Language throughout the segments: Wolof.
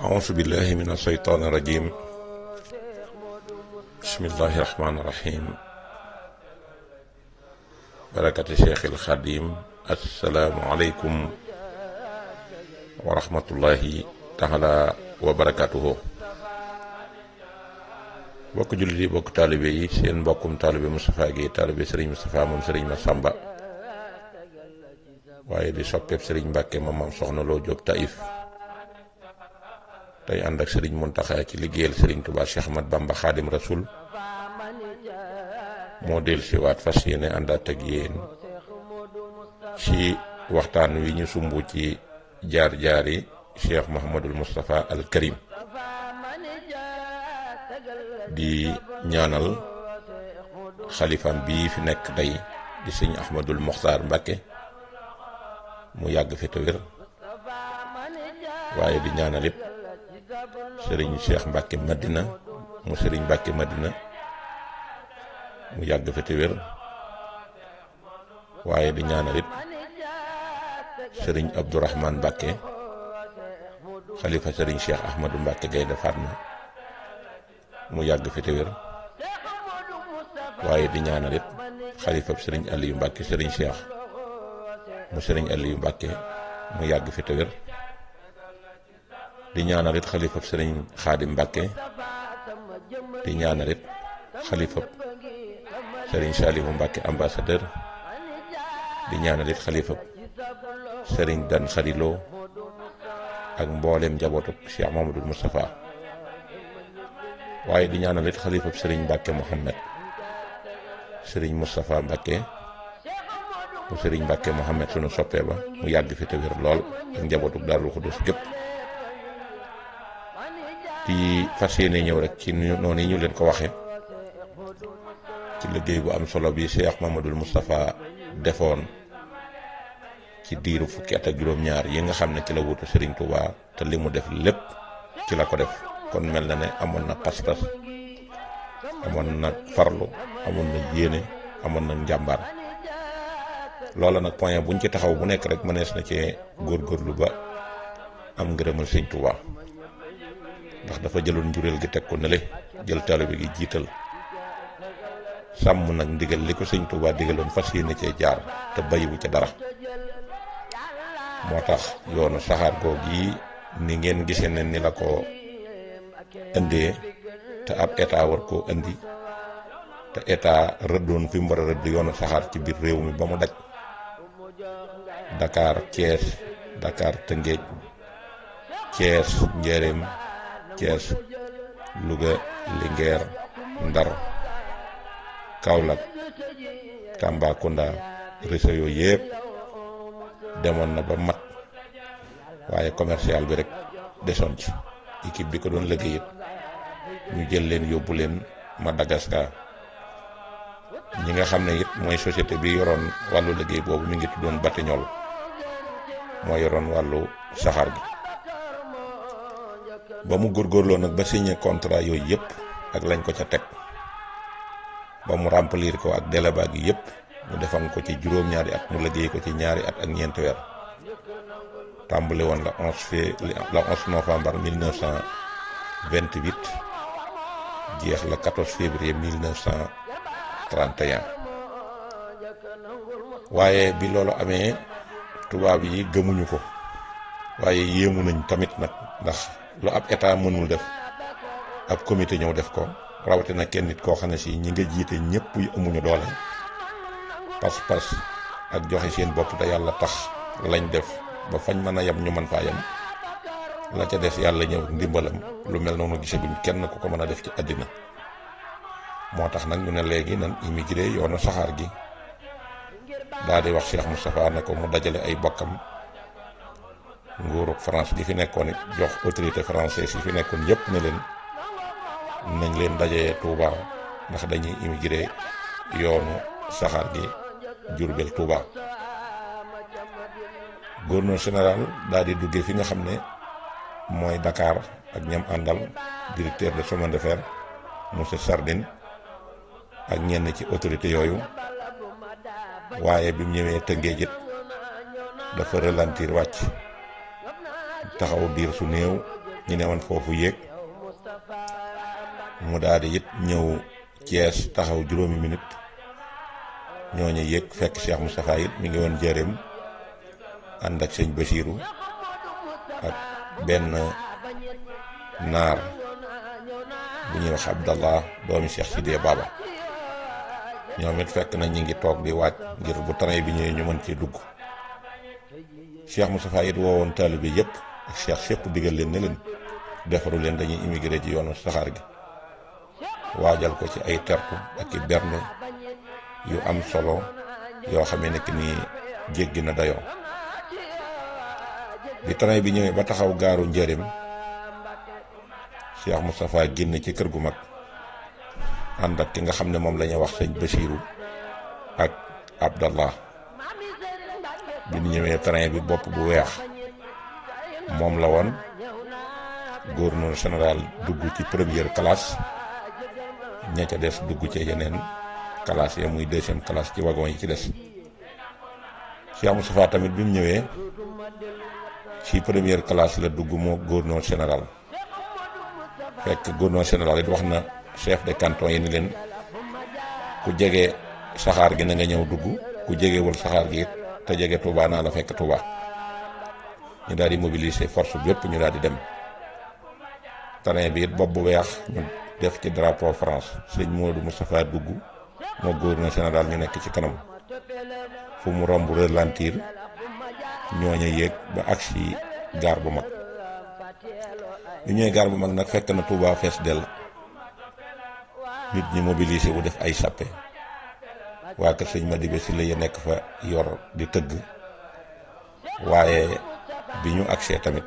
أعوذ بالله من الشيطان الرجيم بسم الله الرحمن الرحيم بركة الشيخ الخديم السلام عليكم ورحمة الله تعالى وبركاته bokk jullit yi bokk taalibe yi seen mbokkum taalibe Moustapha Gueye taalibe sëriñ Moustapha moom sëriñ Massamba waaye di soppeeb sëriñ Mbàkke moom maam soxna loo jóg Taïf tey ànd ak Serigne Mountakha ci liggéeyal Serigne Touba Cheikh Ahmad Bamba Khadim Rasoul moo del si waat fas yéene àndaat ak yéen ci waxtaan wi ñu sumb ci jaar-jaar yi Cheikh Mouhamadul Moustapha Al Karim di ñaanal xalifam bii fi nekk tey di sëñ Ahmadul Mokhtar Mbacke mu yàgg fi te wér waaye di ñaanal sëriñ Cheikh Mbacke Madina mu sëriñ Mbacke Madina mu yàgg fi te waaye di ñaanal it sëriñ Abdourahman Mbacke xalifa sëriñ Cheikh Ahmadou Mbacke Gaynde Fatma mu yàgg fi te waaye di ñaanal it xalifa sëriñ Aliou Mbacke sëriñ Cheikh mu sëriñ Aliou Mbacke mu yàgg fi te di ñaanal it xalifab sëriñ xaadim mbàkke di sëriñ saalihu mbàkke ambassadeur di ñaanal it xalifab sëriñ dan xariloo ak mbooleem njabootu cheikh mahamadul moustapha waaye di ñaanal it xalifab sëriñ mbàkke mohammed sëriñ moustapha mbàkke mu sëriñ mbàkke mohammed sunu soppee ba mu yàgg fi te lool ak njabootu daarul xudus gépp ci fas yéene ñëw rek ci noonu yi ñu leen ko waxe ci liggéey bu am solo bi ma Mamadou Moustapha defoon ci diiru fukki at ak juróom-ñaar yi nga xam ne ci la wutu Serigne Touba te li mu def lépp ci la ko def kon mel na ne amoon na pas-pas amoon na farlu amoon na yéene amoon na njàmbaar loola nag point buñ ci taxaw bu nekk rek mënees na cee góorgóorlu ba am ngërëmal Serigne ndax dafa jëloon njureel gi teg ko nële jël taalibe gi jiital sàmm nag ndigal li ko sëñ Tuubaa digaloon fas yéene cee jaar te bayiwu ca dara moo tax yoonu saxaar googu yi ni ngeen gisee ne ni la ko indee te ab état war koo indi te état rëddoon fi mu rëdd yoonu saxaar ci biir réew mi ba mu daj Dakar Thiès Dakar Tëngéej Thiès Njaaréem Thiès Louga Linguère Ndar Kaolack Tambacounda réseau yooyu yëpp demoon na ba mat waaye commercial bi rek desoon ci équipe bi ko doon liggéey it ñu jël leen yóbbu leen Madagascar ñi nga xam ne it mooy société bi yoroon wàllu liggéey boobu mu ngi tuddoon Batignolles moo yoroon wàllu saxaar bi ba mu góorgóorloo nag ba signé contrat yooyu yëpp ak lañ ko ca teg ba mu remplir ko ak délai ba gi yëpp mu defan ko ci juróom-ñaari at mu liggéey ko ci ñaari at ak ñeenti weer tàmbali woon la 11 fee la 11 novembre 1928 jeex la 14 février 1931 waaye bi loolu amee tubaab yi gëmuñu ko waaye yéemu nañ tamit nag ndax. lu ab état mënul def ab comité ñëw def ko rawatina kenn nit koo xam ne si ñi nga jiite ñëpp yu amuñu doole pas-pas ak joxe seen bopp te yàlla tax lañ def ba fañ mën a yem ñu mën faa yem la ca des yàlla ñëw ndimbalam lu mel noonu gisaguñ kenn ku ko mën a def ci àddina moo tax nag ñu ne léegi nan immigré yoonu saxaar gi daal di wax Cheikh Moustapha ne ko mu dajale ay bokkam nguurug France gi fi nekkoon it jox autorité française yi fi nekkoon yépp ne leen nañ leen dajee Touba ndax dañuy immigré yoonu saxaar gi Jurbel Touba gouverneur général daal di duggee fi nga xam ne mooy dakaar ak ñam àndal directeur de chemin de fer monsieur Sardine ak ñenn ci autorité yooyu waaye bi mu ñëwee Tëngéej it dafa ralentir wàcc taxaw diir su néew ñu newoon foofu yéeg mu daal di it ñëw Thiès taxaw juróomi minute ñooñu yéeg fekk Cheikh Moustapha it mi ngi woon jëreem ànd ak sëñ Basiiru ak benn naar bu ñuy wax Abdallah doomi Cheikh Sidé Baba ñoom it fekk na ñi ngi toog di waaj ngir bu train bi ñëwee ñu ci dugg Cheikh Moustapha it woowoon taalibe yépp cheikh sépp digal leen ne leen defaru leen dañuy immigré ci yoonu saxaar gi waajal ko ci ay tertu ak i berne yu am solo yoo xamee nekk ni jéggi na dayoo bi train bi ñëwee ba taxaw gaaru njërim Cheikh Moustapha génn ci kër gu mag ànd ak ki nga xam ne moom la wax sëñ Basiiru ak Abdallah bi ñu ñëwee train bi bopp bu weex moom la woon gouverneur général dugg ci première classe ña ca des dugg ci yeneen classe ya muy deuxième classe ci wagon yi ci des Cheikh Moustapha tamit bi mu ñëwee ci première classe la dugg moo gouverneur général fekk gouverneur général it wax na chef de canton yi ni leen ku jege saxaar gi na nga ñëw dugg ku jegewul saxaar gi it te jege Touba naa la fekk Touba. ñu daal di mobiliser force bi yëpp ñu daal di dem terrain bi bopp bu weex ñu def ci drapeau France sëñ Modou Moustapha dugg moo gouverneur général ñu nekk ci kanam fu mu romb relantir ñooñu yéeg ba agsi gaar bu mag ñu ñëwee gaar bu mag nag fekk na Touba fees dell nit ñi mobiliser wu def ay sappe waa kër sëñ Madibe si la ya nekk fa yor di tëgg waaye bi ñu agsee tamit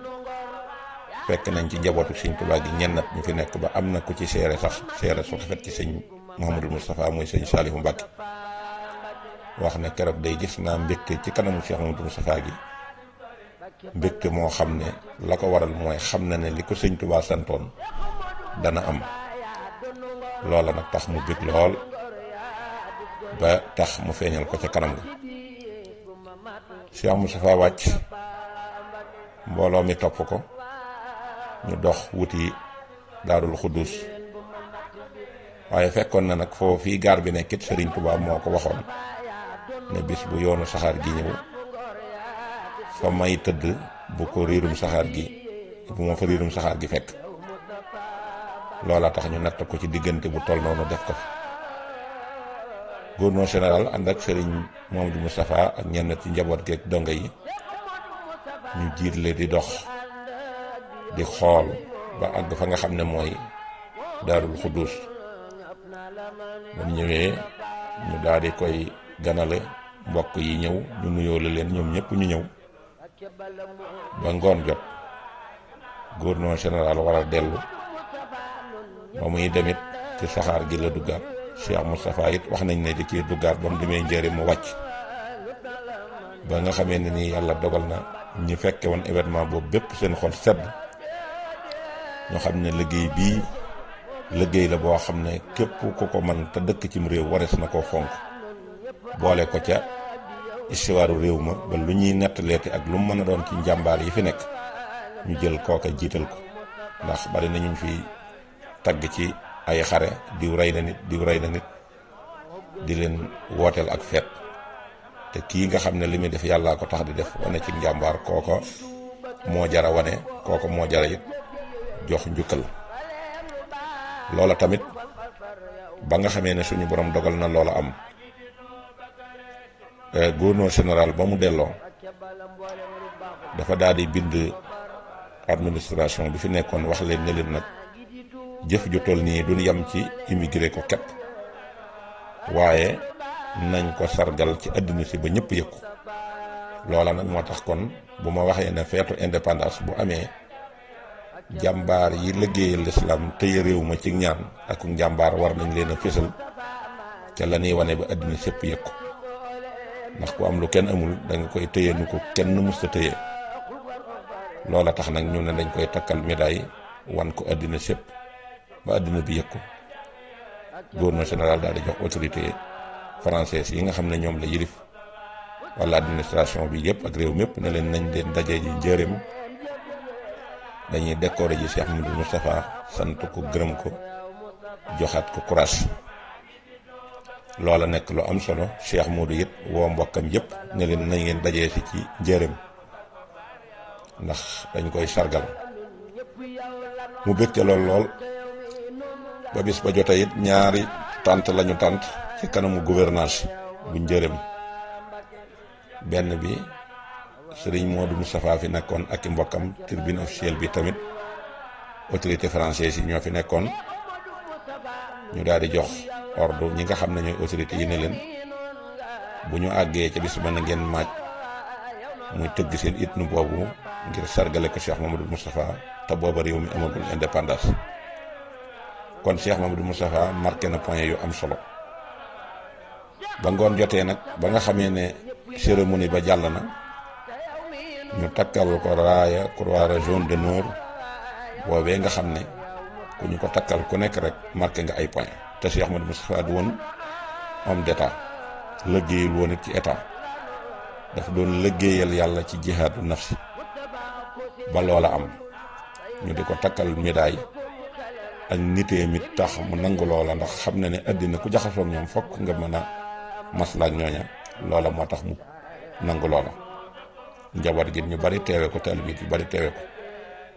fekk nañ ci njabootu sëñ Tuubaa gi ñennat ñu fi nekk ba am na ku ci seere sax seere su rafet ci sëñ Mouhamadou Moustapha muy sëñ Saalihu Mbàkke wax ne keroog day gis naa mbégte ci kanamu Cheikh Mouhamadou Moustapha gi mbégte moo xam ne la ko waral mooy xam na ne li ko sëñ Tuubaa santoon dana am loola nag tax mu bég lool ba tax mu feeñal ko ca kanam ga Cheikh Moustapha wàcc mbooloo mi topp ko ñu dox wuti daarul xuddus waaye fekkoon na nag foo fii gaar bi nekkit sëriñ Tuubaa moo ko waxoon ne bis bu yoonu saxaar gi ñëw fa may tëdd bu ko riirum saxaar gi bu ma gi fekk loola tax ñu natt ko ci diggante bu toll noonu def ko fi gouverneur général ànd ak sëriñ Mamadou safaa ak ñenn ci njaboot geeg donga yi ñu jiit la di dox di xool ba àgg fa nga xam ne mooy daarul xudduus ba ñëwee ñu daal di koy ganale mbokk yi ñëw ñu nuyoo leen ñoom ñëpp ñu ñëw ba ngoon jot gouverneur général war a dellu ba muy demit ci saxaar gi la duggaat Cheikh Moustapha it wax nañ ne di ci duggaat ba mu demee njëriñ mu wàcc ba nga xamee ne nii yàlla dogal na ñu fekke woon événement boobu bépp seen xol sedd ñoo xam ne liggéey bii liggéey la boo xam ne képp ku ko man te dëkk cim réew warees na ko fonk boole ko ca istiwaaru réew ma ba lu ñuy nettaleeti ak lu mën a doon ci njàmbaar yi fi nekk ñu jël kooka jiital ko ndax bari na ñu fi tagg ci ay xare diw rey na nit diw rey na nit di leen wooteel ak feet te kii nga xam ne li muy def yàllaa ko tax di def wane ci njàmbaar kooko moo jara wane kooko moo jara it jox njukkal loola tamit ba nga xamee ne suñu boroom dogal na loola am eh, gouverneur général ba mu delloo dafa daal di bind administration bi fi nekkoon wax leen ne leen nag jëf ju toll nii duñ yem ci immigré ko képp waaye nañ ko sargal ci àddina si ba ñëpp yëg loola nag moo tax kon bu ma waxee ne feetu indépendance bu amee jàmbaar yi liggéeyal lislaam tey réew ma ci ñaan ak njàmbaar war nañ leen a fésal la ñuy wane ba àddina sépp yëg ko ndax ku am lu kenn amul danga koy téye nu ko kenn musta téye loola tax nag ñu ne dañ koy takkal médaille wan ko àddina sépp ba àddina bi yëg ko gouverneur général daal di jox autorité française yi nga xam ne ñoom la yilif wala administration bi yëpp ak réew mépp ne leen nañ leen daje ji njëriñ dañuy décorer ji Cheikh Mouhamadou Moustapha sant ko gërëm ko joxaat ko courage loola nekk lu am solo Cheikh Modou it woo mbokkam yëpp ne leen nañ leen dajee si ci njëriñ ndax dañ koy sargal mu bëgg ca lool lool ba bis ba jotee it ñaari tànt lañu tànt ci kanamu gouvernance bu njërëm benn bi sëriñ Modou Moustapha fi nekkoon ak i mbokkam tribune officielle bi tamit autorité française yi ñoo fi nekkoon ñu daal di jox ordre ñi nga xam ne ñooy autorité yi ne leen bu ñu àggee ca bis mën na ngeen maaj muy tëgg seen it nu boobu ngir sargale ko Cheikh Mamadou Moustapha te booba réew mi amagul indépendance kon Cheikh Mamadou Moustapha marqué na point yu am solo ba ngoon jotee nag ba nga xamee ne cérémonie ba jàll na ñu takkal ko raaya croix de d'honneur boobee nga xam ne ku ñu ko takkal ku nekk rek marqué nga ay point te Cheikh Ahmadou Moustapha du woon homme d'état liggéeyul woon ci état dafa doon liggéeyal yàlla ci jihaadu nafsi ba loola am ñu di ko takkal médaille ak nitee mi tax mu nangu loola ndax xam ne ne àddina ku jaxasoog ñoom fokk nga mën maslaak ñooña loola moo tax mu nangu loola njaboot gi ñu bari teewe ko taalibe bi bari teewe ko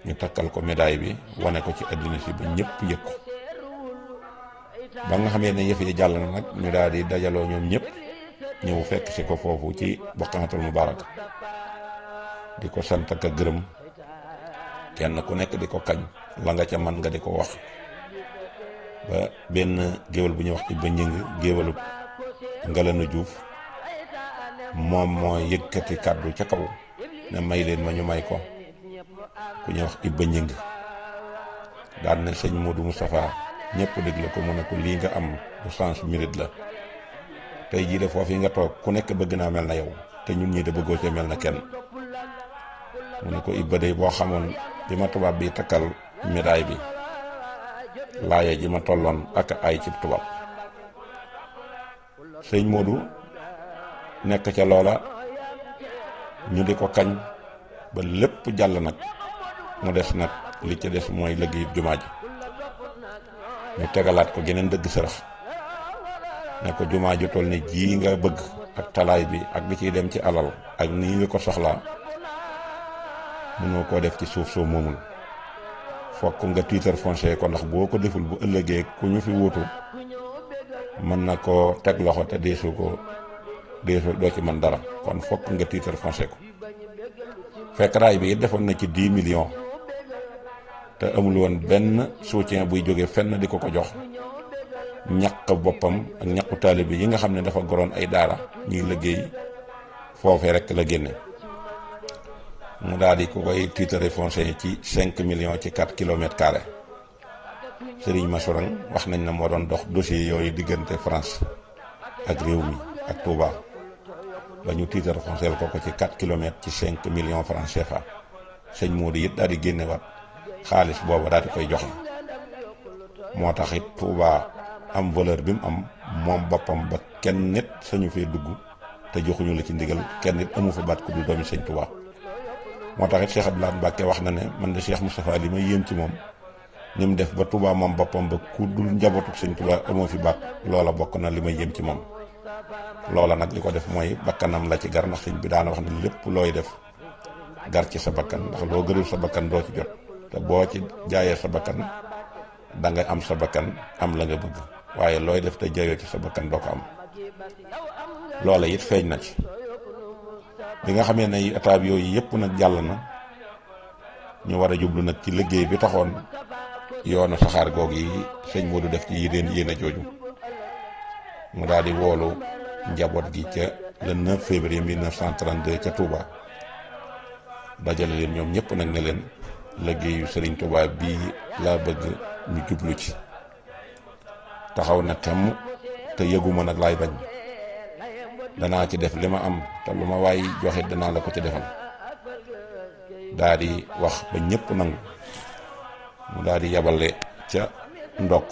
ñu takkal ko médaille bi wane ko ci àddina si ba ñëpp yëg ko ba nga xamee ne yëf yi jàll na nag ñu daal di dajaloo ñoom ñëpp ñëw fekk si ko foofu ci Baqatul Mubarak di ko sant ak gërëm kenn ku nekk di ko kañ la nga ca man nga di ko wax ba benn géwél bu ñuy wax ci ba njëng géwélub Ngalana juuf moom moo yëkkati kàddu ca kaw ne may leen ma ñu may ko ku ñuy wax Ibba Ñing daan na sëñ Modou Moustapha ñëpp dégg la ko mu ne ko lii nga am du sens mérite la tey jii de foofu yi nga toog ku nekk bëgg naa mel na yow te ñun ñii de bëggoo cee mel na kenn mu ne ko Ibba day boo xamoon bi ma tubaab bi takkal médaille bi laaya ji ma tolloon ak ay ci tubaab sëñ Modou nekk ca loola ñu di ko kañ ba lépp jàll nag mu des nag li ca des mooy liggéeyu jumaa ji ñu tegalaat ko geneen dëgg sërëx ne ko jumaa ju toll ni ji nga bëgg ak talaay bi ak li ciy dem ci alal ak nii nga ko soxlaa mënoo koo def ci suuf soo moomul fokk nga titre foncier ko ndax boo ko deful bu ëllëgee ku ñu fi wuutu mën na koo teg loxo te deesu ko deesu doo ci mën dara kon fokk nga titre foncé ko fekk raay bi it defoon na ci 10 million te amul woon benn soutien buy jógee fenn di ko ko jox ñaq boppam ak ñaqu taalibe yi nga xam ne dafa goroon ay daara ñuy liggéey foofee rek la génne mu daal di ko koy titre foncier ci cinq million ci 4 kilomètres carrés Serigne Massourang wax nañ na moo doon dox dossier yooyu diggante France ak réew mi ak Touba ba ñu tiitar xonseel ko ko ci 4 kilomètres ci 5 millions france CFA sëñ Modou it daal di génnewaat xaalis booba daal di koy joxe moo tax it Touba am valeur bi mu am moom boppam ba kenn nit sañu fee dugg te joxuñu la ci ndigal kenn nit amu fa baat ku dul doomi sëñ Touba moo tax it Cheikh Abdoulaye Mbacke wax na ne mën de seex Moustapha li may yéem ci moom. ni mu def ba Touba moom boppam ba ku dul njabootu sëñ Touba amoo fi bàkk loola bokk na li may yëm ci moom loola nag li ko def mooy bakkanam la ci gar ndax sëñ bi daana wax ne lépp looy def gar ci sa bakkan ndax loo gërul sa bakkan doo ci jot te boo ci jaayee sa bakkan dangay am sa bakkan am la nga bëgg waaye looy def te jaayoo ci sa bakkan doo ko am loola it feeñ na ci bi nga xamee ne étape yooyu yëpp nag jàll na ñu war a jublu nag ci liggéey bi taxoon yoonu saxaar goog yi sëñ Modou def ci yéen yéen a jooju mu daal di woolu njaboot gi ca le 9 février 1932 ca Touba dajale leen ñoom ñëpp nag ne leen liggéeyu Serigne Touba bii laa bëgg ñu jublu ci taxaw na temm te yëguma nag laay bañ danaa ci def li ma am te lu ma waay joxe danaa la ko ci defal daal di wax ba ñëpp nangu. mu daal di yabale ca ndokk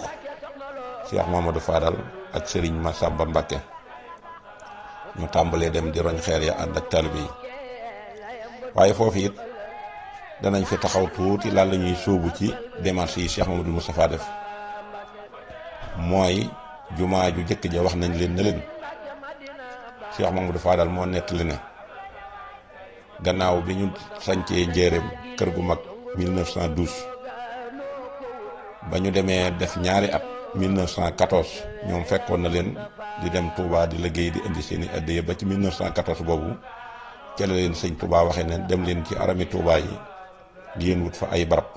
Cheikh Mamadou Fadal ak Serigne Massamba Mbacké ñu tàmbalee dem di roñ xeer ya ànd ak taalibe yi waaye foofu it danañ fi taxaw tuuti lan la ñuy ci démarche yi Cheikh Mamadou Moustapha def mooy jumaa ju jëkk ja wax nañ leen ne leen Cheikh Mamadou Fadal moo nettali ne gannaaw bi ñu sancee njéeréem kër gu mag 1912 ba ñu demee def ñaari at 1914 ñoom fekkoon na leen di dem Touba di liggéey di indi seeni i addiya ba ci 1914 boobu ca la leen sëñ Touba waxee ne dem leen ci arami Touba yi ngeen wut fa ay barab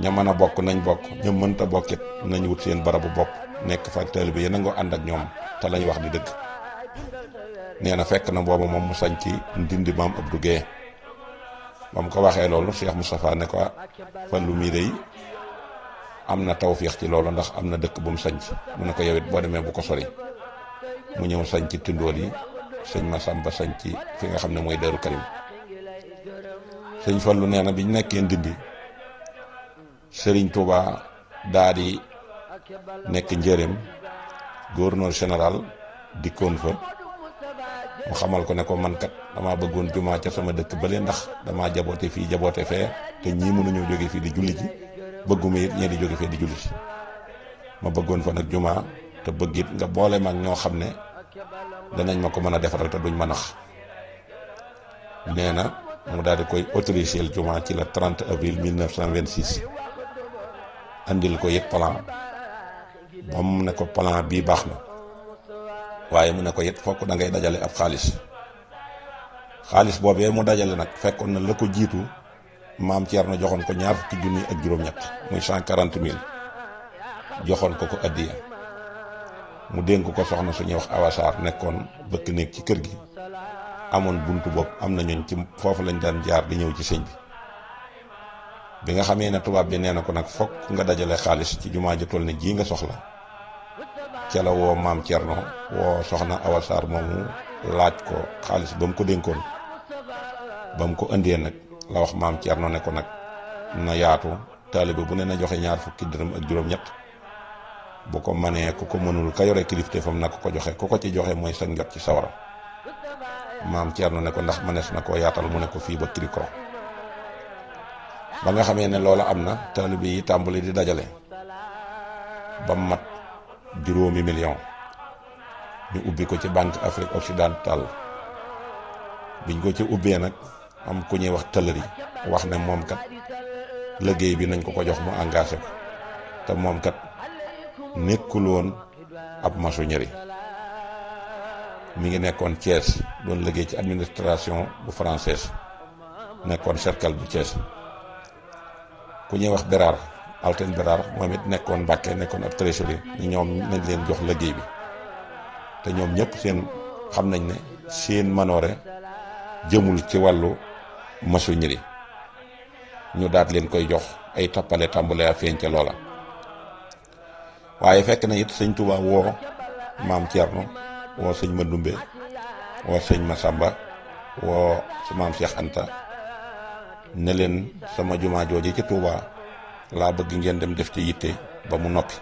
ña bokk nañ bokk ña mënta bokkit nañ wut seen barabu bokk nekk fa taalibe bi yéen a ngoo ànd ak ñoom te lañ wax di dëgg nee na fekk na booba moom mu sañ ci ndindi maam Abdou Guèye moom ko waxee loolu Cheikh Moustapha ne ko mii day am na tawféex ci loolu ndax am na dëkk bu mu sanc mu ne ko yow boo demee bu ko sori mu ñëw sanc tundóol yi sëñ Masamba sanc fi nga xam ne mooy Daaru Karim sëñ Fallu nee na bi ñu nekkee Ndindi sëriñ Touba daa di nekk njëreem gouverneur général dikkoon fa mu xamal ko ne ko man kat damaa bëggoon jumaa ca sama dëkk ba bële ndax damaa jaboote fii jaboote fee te ñii ñëw jóge fii di julli ji bëgguma it ñee di jóge fee di jullit ma bëggoon fa nag jumaa te bëgg it nga boole ma ñoo xam ne danañ ma ko mën a defaral te duñ ma nax nee na mu daal di koy autorisé jumaa ci la 30 avril 1926 andil ko it plan ba mu ne ko plan bii baax na waaye mu ne ko it fokk da ngay dajale ab xaalis xaalis boobee mu dajale nag fekkoon na la ko jiitu. maam Thierno joxoon ko ñaar fukki junni ak juróom-ñett muy cent quarante mille joxoon ko ko addiya mu dénk ko soxna suñuy wax awasaar nekkoon bëkk néeg ci kër gi amoon buntu bopp am na ñooñ ci foofu lañ daan jaar di ñëw ci sëñ bi bi nga xam xamee ne tubaab bi nee na ko nag fokk nga dajale xaalis ci jumaa jotool toll ne jii nga soxla ca la woo maam Thierno woo soxna awasaar moomu laaj ko xaalis ba mu ko dénkoon ba mu ko indee nag la wax maam Thierno ne ko nag na yaatu taalibe bu ne na joxe ñaar fukki dërëm ak juróom-ñett bu ko manee ku ko mënul ka yore kilifteefam na ko joxe ku ko ci joxe mooy sa njot ci sawara maam Thierno ne ko ndax manees na koo yaatal mu ne ko fii ba kirikoro ba nga xamee ne loola am na taalibe yi tàmbali di dajale ba mat juróomi million ñu ubbi ko ci Banque Afrique Occidentale biñ ko ci ubbee nag am ku ñuy wax tëlëri wax ne moom kat liggéey bi nañ ko ko jox mu engagé ko te moom kat nekkul woon ab maçonnerie mu ngi nekkoon Thiès doon liggéey ci administration bu française nekkoon cercle bu Thiès ku ñuy wax Bérard Alten Bérard moom it nekkoon Mbàkke nekkoon ab trésorier ni ñoom nañ leen jox liggéey bi te ñoom ñëpp seen xam nañ ne seen manoore jëmul ci wàllu masu ñili ñu daat leen koy jox ay tappale tàmbale a feeñ ca loola waaye fekk na it sëñ Touba woo maam Thierno woo sëñ Mandumbe woo sëñ Masamba woo su maam Cheikh Anta ne leen sama jumaa jooje ca Touba laa bëgg ngeen dem def ci yitte ba mu noppi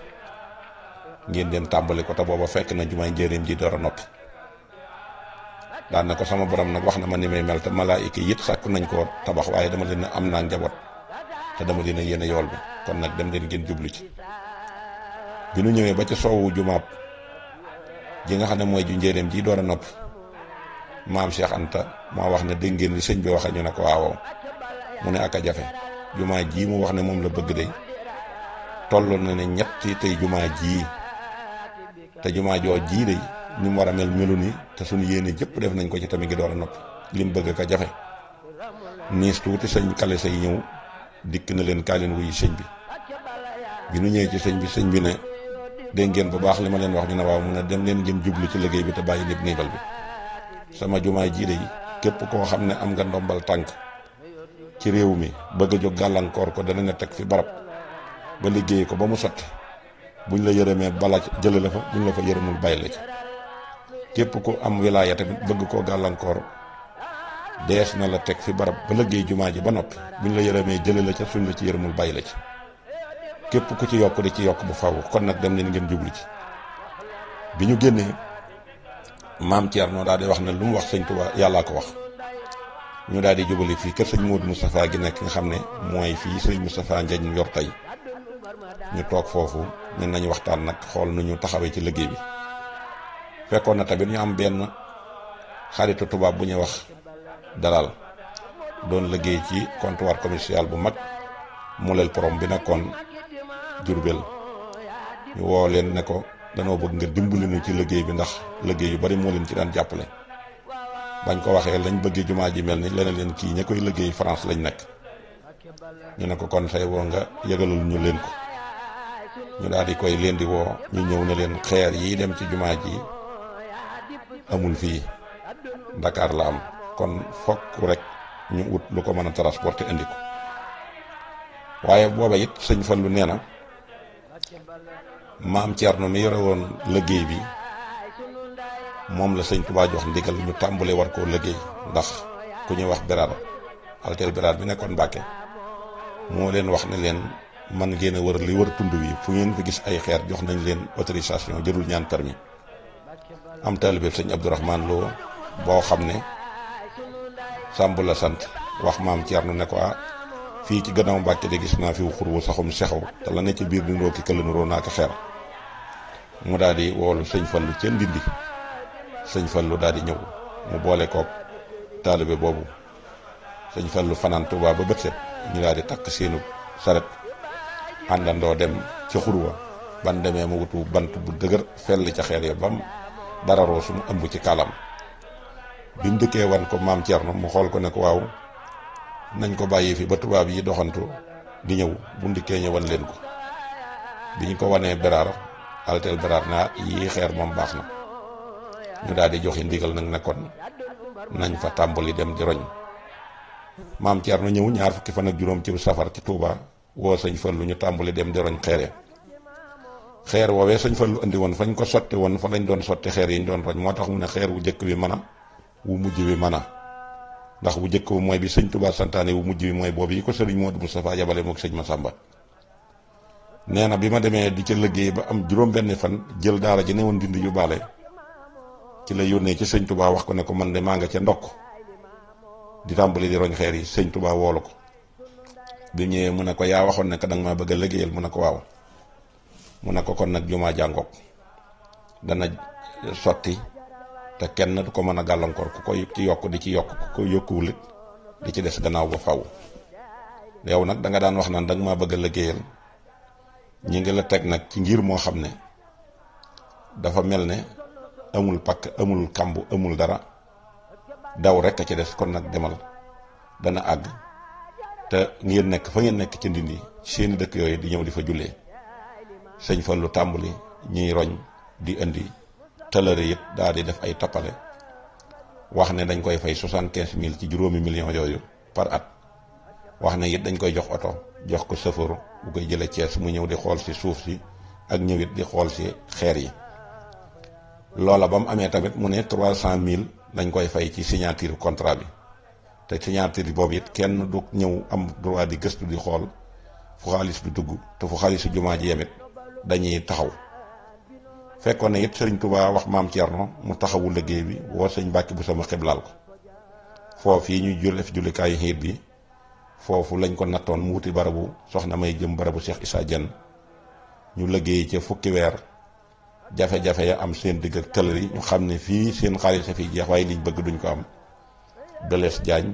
ngeen dem tàmbali ko te booba fekk na jumaay njëriñ ji door a noppi daan na ko sama borom nag wax na ma ni may mel te malaayika yit sàkk nañ koo tabax waaye dama leen am naa njaboot te dama leen a yéene yool bi kon nag dem leen gen jublu ci bi nu ñëwee ba ci soowu jumaab ji nga xam ne mooy ju njëreem ji door a noppi maam Cheikh Anta wax ne dégg ngeen li sëñ bi waxee ñu ne ko waawoo mu ne ak a jafe jumaa ji mu wax ne moom la bëgg day toll na ne ñetti tey jumaa ji te jumaa joo ji day ni mu war a mel melu ni te suñu yéene jëpp def nañ ko ci tamit gi door a noppi lim bëgg ka jafe niis tuuti sëñ kale say ñëw dikk na leen kaa leen wuyu sëñ bi bi nu ñëwee ci sëñ bi sëñ bi ne dégg ngeen bu baax li ma leen wax ñu ne waaw mu ne dem leen ngeen jublu ci liggéey bi te bàyyi lépp niibal bi sama jumaa jiide yi képp koo xam ne am nga ndombal tànk ci réew mi bëgg a jóg gàllankoor ko dana ne teg fi barab ba liggéey ko ba mu sot sotti buñ la yërëmee bala jële la fa buñ la fa yërëmul bàyyi la ci képp ku am wilaaya tamit bëgg koo gàllankoor dees na la teg fi barab ba lëggéey jumaa ji ba noppi buñ la yërëmee jële la ca suñ la ci yërëmul bàyyi la ci képp ku ci yokk di ci yokk bu faw kon nag dem leen ngeen jublu ci bi ñu génnee maam Thierno daal di wax na lu mu wax sëñ Tuubaa yàllaa ko wax ñu daal di jubali fii kër sëñ Modou Moustapha gi nekk nga xam ne mooy fii sëñ Moustapha Ndiagne ñu yor tey ñu toog foofu ñun nañu waxtaan nag xool nu ñu taxawee ci liggéey bi. fekkoon na tamit ñu am benn xaritu tubaab bu ñuy wax dalal doon liggéey ci comptoir commercial bu mag muleel porom bi nekkoon Jurbel ñu woo leen ne ko danoo bëgg nga dimbali nu ci liggéey bi ndax liggéey yu bari moo leen ci daan jàppale bañ ko waxee lañ bëggee jumaa ji mel ni leneen leen kii ña koy liggéey France lañ nekk ñu ne ko kon tey woo nga yëgalul ñu leen ko ñu daal di koy leen di woo ñu ñëw ne leen xeer yi dem ci jumaa ji amul fii Dakar la am kon fokk rek ñu ut lu ko mën a transporter indi ko waaye booba it sëñ Fallu nee na maam Thierno mi yore woon liggéey bi moom la sëñ Tuubaa jox ndigal ñu tàmbale war koo liggéey ndax ku ñuy wax beraar alteel beraar bi nekkoon Mbàkke moo leen wax ne leen man ngeen a wër li wër tund wi fu ngeen fi gis ay xeer jox nañ leen autorisation jërul ñaan permis am taalibe sëñ Abdourahman Lo boo xam ne sàmb la sant wax maam Thierno ne ko ah fii ci gannaaw Mbàkke de gis naa fi xur wu saxum sexaw te la ne ci biir niroo ki këll niroo naa xeer mu daal di woolu sëñ Fallu ca Ndindi sëñ Fallu daal di ñëw mu boole kook taalibe boobu sëñ Fallu fanaan Tuubaa ba bët set ñu daal di takk seenu saret àndandoo dem ca xurwa ban demee mu wutu bant bu dëgër fell ci xeer ya bam dara roosu mu ëmb ci kalam bi mu wan ko maam Thierno mu xool ko ne ko waaw nañ ko bàyyi fi ba tubaab yi doxantu di ñëw bu ndikkee ñëwan leen ko bi ñu ko wanee beraar altel beraar naa yii xeer moom baax na ñu daal di joxe ndigal nag ne nañ fa tàmbali dem di roñ maam Thierno ñëw ñaar fukki fan ak juróom ci safar ci Touba woo sañ sëñ lu ñu tàmbali dem di roñ xeere xeer woowee sëñ lu indi woon fañ ko sotti woon fa lañ doon sotti xeer yi ñu doon roñ moo tax mu ne xeer wu jëkk bi mën a wu mujj bi mana ndax bu jëkk bi mooy bi sëñ Tuubaa santaane wu mujj bi mooy boobu yi ko sëriñ Modou Moustapha yabale moog sëñ Massamba nee na bi ma demee di ca liggéey ba am juróom-benn fan jël daara ji woon dindi yu baale ci la yónnee ci sëñ Tuubaa wax ko ne ko man de maa nga ca ndokk di tàmbali di roñ xeer yi sëñ tubaa woolu ko bi ñëwee mu ne ko waxoon ne ko danga bëgg a liggéeyal ne ko waaw mu ne ko kon nag jumaa jàngook dana sotti te kenn du ko mën a gàllankoor ku koy ci yokk di ci yokk ku ko yokkuwul it di ci des gannaaw ba faw yow nag danga daan wax naan da nga bëgg a liggéeyal ñi ngi la teg nag ci ngir moo xam ne dafa mel ne amul pakk amul kàmb amul dara daw rek a ci des kon nag demal dana àgg te ngeen nekk fa ngeen nekk ci ndindi seeni dëkk yooyu di ñëw di fa jullee sëñ lu tàmbali ñuy roñ di indi tëlëre yëpp daal di def ay tappale wax ne dañ koy fay soixante quinze mille ci juróomi million yooyu par at wax ne it dañ koy jox oto jox ko chauffeur bu koy jëlee Cees mu ñëw di xool si suuf si ak ñëwit di xool si xeer yi loola ba mu amee tamit mu ne trois cent mille dañ koy fay ci signature contrat bi te signature boobu it kenn du ñëw am droit di gëstu di xool fu xaalis bi dugg te fu xaalisu jumaa ji yemit dañuy taxaw fekkoon na it sëriñ Tuubaa wax maam Thierno mu taxawu liggéey bi woo sëñ Mbàkke bu sama laal ko foofu yi ñuy julle fi jullikaayu xiit bi foofu lañ ko nattoon mu wuti barabu soxna may jëm barabu Cheikh Issa Diène ñu liggéey ci fukki weer jafe-jafe ya am seen digg ak tëlër yi ñu xam ne fii seen xaalis yi fi jeex waaye liñ bëgg duñ ko am Blaise jaañ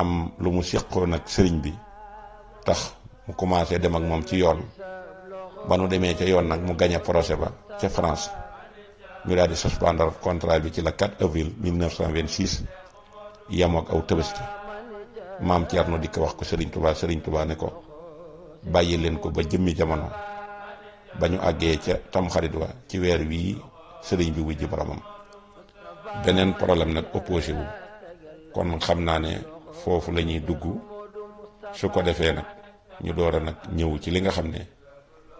am lu mu seqoon ak sëriñ bi tax mu commencé dem ak moom ci yoon ba nu demee ca yoon nag mu gañe procès ba ca France ñu daal di suspendre contrat bi ci la 4 avril 1926 yemoo ak aw tabaski maam Thierno di ko wax ko Serigne Touba Serigne Touba ne ko bàyyi leen ko ba jëmmi jamono ba ñu àggee ca tamxarit wa ci weer wii sëriñ bi wujj boromam beneen problème nag opposé wu kon xam naa ne foofu la ñuy dugg su ko defee nag ñu doore nag ñëw ci li nga xam ne.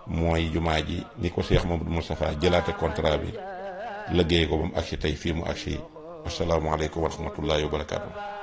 mooy jumaa ji ni ko Cheikh Mamadou Moustapha jëlaate contrat bi liggéey ko ba mu agsi tey fii mu agsi asalaamaaleykum wa rahmatullahi wa barakaatu.